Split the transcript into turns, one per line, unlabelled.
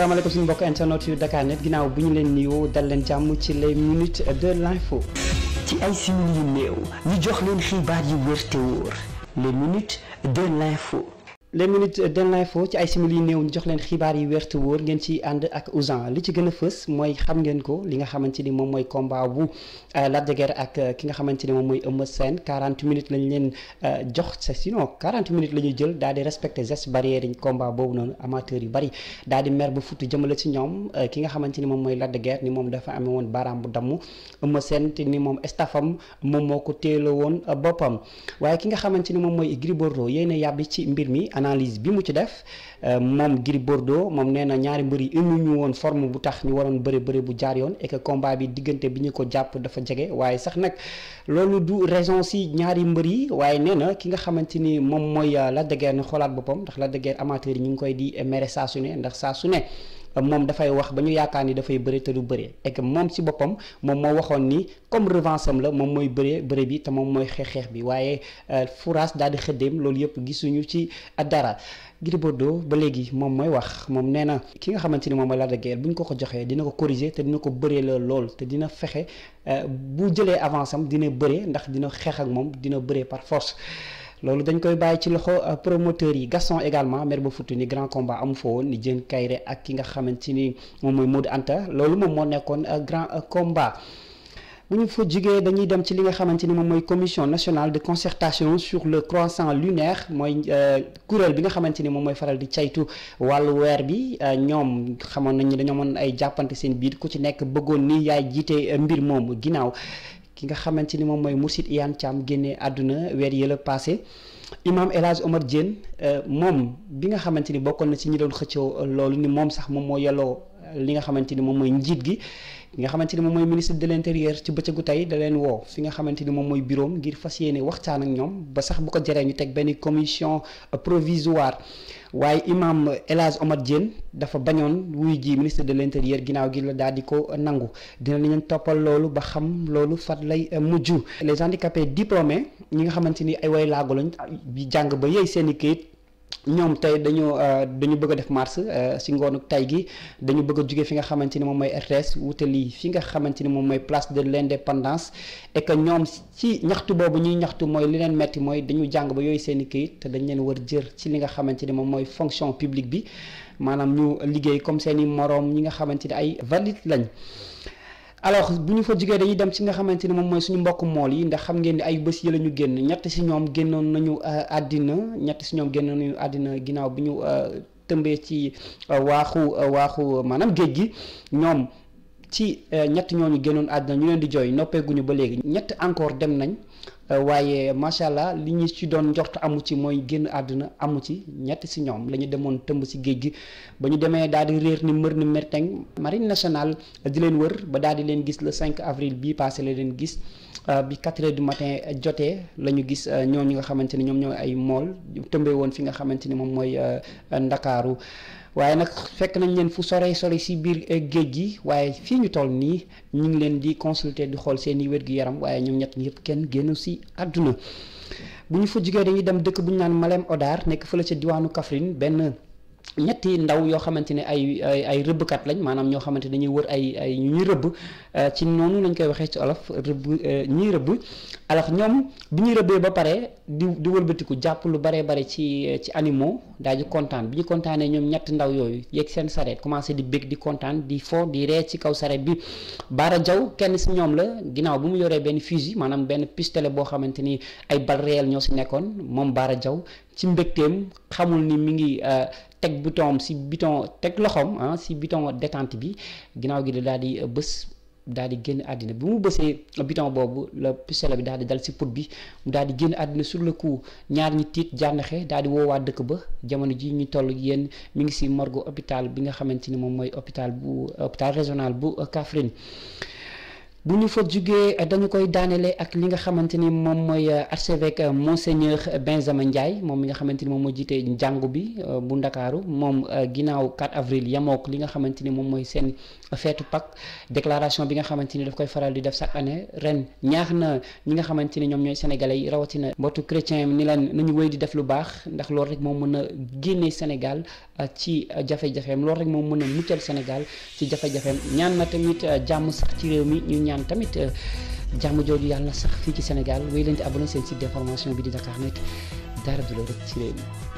asalaamaaleykum suñu mbokk internet yu Dakar net ginnaaw bu ñu leen nuyoo dal leen jàmm ci le minutes de l'info ci ay simili yu néew ñu jox leen xibaar yu wér te wóor les minutes l'info les minutes de l'info ci ay simili yu néew ñu jox leen xibaar yi wér te wóor ngeen ci ànd ak Ousan li ci gën a fës mooy xam ngeen ko li nga xamante ni moom mooy combat bu euh, Lac de ak euh, ki nga xamante ni moom mooy Eumeu Sène 40 minutes lañ leen euh, jox c'est sinon 40 minutes la ñuy jël daal di respecté geste barrière yi combat boobu noonu amateur yu bari daal di mer bu futu ci ñoom ki nga xamante ni moom mooy Lac de ni moom dafa amee woon baaraam bu damm Eumeu seen te ni moom staffam moom moo ko téela woon boppam waaye ki nga xamante ni moom mooy Gris Bordeaux yéena yàbbi ci mbir mi analyse bi mu ci def euh, moom Gris Bordeaux moom nee na ñaari mbër yi indi ñu woon forme bu tax ñu waroon bëri bëri bu jaar yoon et que combat bi diggante bi ñu ko jàpp dafa jege waaye sax nag loolu du raison si ñaari mbër yi waaye nee na ki nga xamante ni moom mooy euh, la de Guiers na xoolaat boppam ndax la de Guiers amateur yi ñu ngi koy di mere saa su ne ndax saa su ne. moom dafay wax ba ñu yaakaar ni dafay bëre te du bëre et que moom si boppam moom moo waxoon ni comme revanche am la moom mooy bëre bëre bi te moom mooy xeex-xeex bi waaye euh, furaas daal di xëddeem loolu yëpp gisuñu ci dara Gris Bordeaux ba léegi moom mooy wax moom nee na ki nga xamante ne moom ma Lac de bu ñu ko ko joxee dina ko corriger te dina ko bëree la lool te dina fexe euh, bu jëlee avance am dina bëre ndax dina xeex ak moom dina bëree par force loolu dañ koy bàyyi ci loxo euh, promoteur yi Gaston également maire ba futu ni grand combat amu fa woon ni jën kayre ak ki nga xamante ni moom mooy Modou Anta loolu moom moo nekkoon euh, grand euh, combat bu ñu dañuy dem ci li nga xamante ni moom mooy commission nationale de concertation sur le croissant lunaire mooy kuréel bi nga xamante ni moom mooy faral di caytu wàllu weer bi ñoom xamoon nañu dañoo mën ay jàppante seen biir ku ci nekk bëggoon ni yaay jiite mbir moomu ginnaaw ki nga xamante ni moom mooy Mourchid Iyane Thiam génne àdduna weer yële passé imam El Hadj Omar Diène euh, moom bi nga xamante ni bokkoon na ci ñu doon xëccoo loolu ni moom sax moom moo yelloo li nga xamante ni moom mooy njiit gi nga xamante ni moom mooy ministre de l'intérieur ci bëccëgu tey da leen woo fi nga xamante ni moom mooy bureau ngir fas yéene waxtaan ak ñoom ba sax bu ko jëree ñu teg benn commission euh, provisoire waaye imam euh, El Hadj Omar Diène dafa bañoon wuy ji ministre de l'intérieur ginnaaw gi la daal di ko nangu dina leen toppal loolu ba xam loolu fat lay euh, mujj les handicapés diplômés ñi nga xamante ni ay way laago lañ jàng ba yeey seen kayit ñoom tey dañu euh, dañu bëgg a def mars euh, si ngoonu tay gi dañu bëgg a jóge fi nga xamante ni moom mooy RTS wutali fi nga xamante ni moom mooy place de l'indépendance et que ñoom ci ñaxtu boobu ñuy ñaxtu mooy li leen metti mooy dañu jàng ba yooyu seen i këyit te dañ leen war jër ci li nga xamante ni moom mooy fonction publique bi maanaam ñu liggéey comme seen i moroom ñi nga xamante ni ay valide lañ alors bu ñu fa jugee dañuy dem ci nga xamante ne moom mooy suñu mbokk mool yi ndax xam ngeen ni ay bés yi la ñu génn ñett si ñoom génnoon nañu euh, àddina ñett si ñoom génnoon nañu àddina ginnaaw bi ñu euh, tëmbee ci euh, waaxu waaxu maanaam géej gi ñoom ci ñett ñooñu génnoon àddina ñu leen di jooy noppeeguñu ba léegi ñett encore dem nañ Euh, waaye macha allah li ñu ci doon njort amu ci mooy génn àdduna amu ci ñett si ñoom la ñu demoon tëmb si géej gi ba ñu demee daal di réer ni mbër ni merteng marine nationale di leen wër ba daal di leen gis le 5 avril bii passé la leen gis euh, bi 4 heures du matin jotee la ñu gis euh, ñooñu nga xamante ni ñoom ñooy ay mool tëmbee woon fi nga xamante ni moom mooy ndakaaru waaye nag fekk nañ leen fu sore sore si biir géej gi waaye fii ñu toll nii ñu ngi leen di consulter di xool seen wér-gu-yaram waaye ñoom ñett ñëpp kenn génnu si ci bu ñu fa jugee dañuy dem dëkk bu ñu naan Malem Hodar nekk fële ca diwaanu Kaffrine benn ñetti ndaw yoo xamante ni ay ay ay rëbbkat lañ maanaam ñoo xamante ne dañuy wër ay ay ñuy rëbb euh, ci noonu lañ koy waxee ci olof rëbb euh, ñuy rëbb alors ñoom bi ñuy rëbbee ba pare di di wëlbatiku jàpp lu baree bare ci ci animaux daal di kontaan bi ñu kontaanee ñoom ñetti ndaw yooyu yegg seen sareet commencé di bég di kontaan di fo di ree ci kaw sareet bi baara jaw kenn si ñoom la ginnaaw bi mu yoree benn fusil maanaam benn pistolet boo xamante ni ay bal réel ñoo si nekkoon moom baara jaw teg bouton si bouton teg loxoom ah si bouton détente bi ginnaaw gi daal di euh, bës daal di génn àddina bi mu bësee bouton boobu la pistolet bi daal di dal si put bi mu daal di génn àddina sur le coup ñaar ñi tiit jànnaxe daal di woowaa dëkk ba jamono ji ñu toll yéen mi ngi si morgue hôpital bi nga xamante ni moom mooy hôpital bu hôpital régional bu euh, Kaffrine bu ñu fa jugee dañu koy daanele ak li nga xamante ni moom mooy archevêque monseigneur Benjamin Ndiaye moom mi nga xamante ni moom moo jiite njàngu bi euh, bu ndakaaru moom euh, ginnaaw 4 avril yamook li nga xamante ni moom mooy seen feetu Pâques déclaration bi nga xamante ni daf koy faral di def sa année ren ñaax na ñi nga xamante ni ñoom ñooy sénégalais yi rawatina mbootu chrétien ni leen nañu wéy di def lu baax ndax loolu rek moom mën na génne Sénégal euh, ci jafe-jafeem loolu rek moom mën a muccal Sénégal ci jafe-jafeem ñaan na tamit jàmm sax ci ñaan tamit euh, jàmm jooju yàlla na sax fii ci Sénégal wéy leen di abonné seen site d'information bi di Dakarnet dara du la rëcc ci réew